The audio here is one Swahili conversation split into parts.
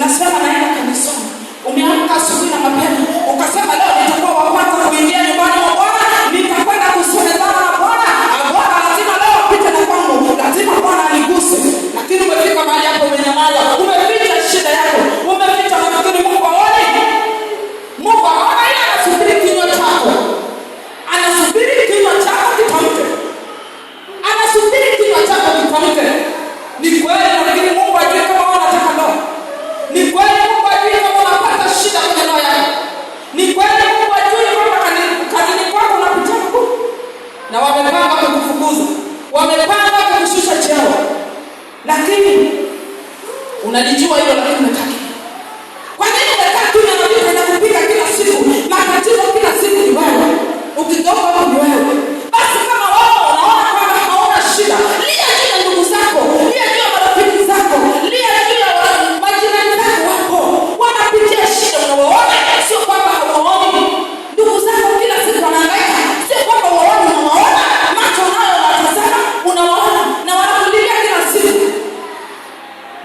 unasimama naenda kanisani, umeamka asubuhi na mapema, ukasema leo nitakuwa wa kwanza kuingia nyumbani mwa Bwana, nitakwenda kusemezana na Bwana, Bwana lazima leo upite na kwangu, lazima Bwana aliguse. Lakini umefika mahali hapo, umenyamaza, umeficha shida yako, umeficha mafikiri. Mungu aone, Mungu aone, yeye anasubiri kinywa chako, anasubiri kinywa chako kitamke, anasubiri kinywa chako kitamke. na wamepanga kukufukuza, wamepanga kukushusha cheo, lakini unalijua hilo, lakini unataka kwa nini Unataka tu na kupiga kila siku na kila siku ni wewe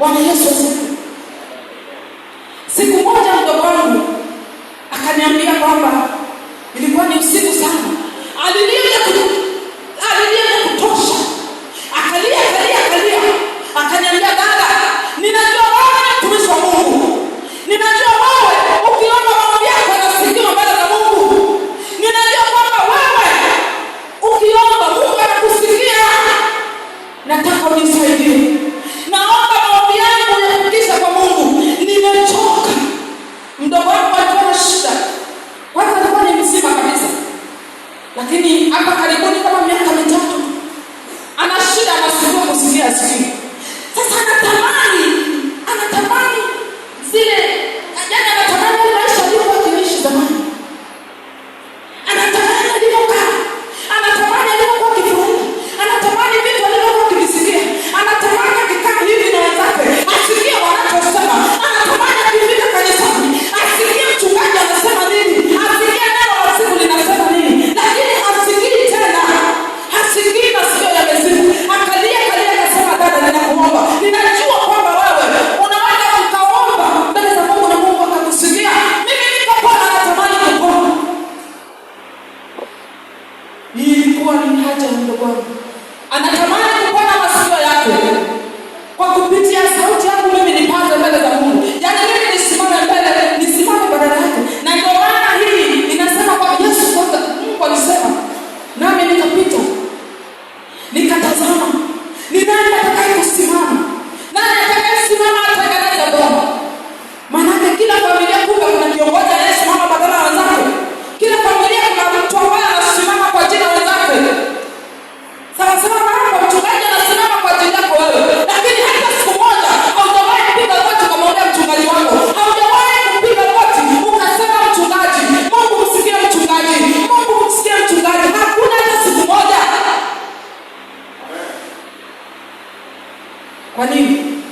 Bwana Yesu asifiwe. Siku moja mdogo wangu akaniambia kwamba ilikuwa ni usiku sana lakini hapa karibuni kama miaka mitatu ana shida, anasumbua kusikia sikii Amen.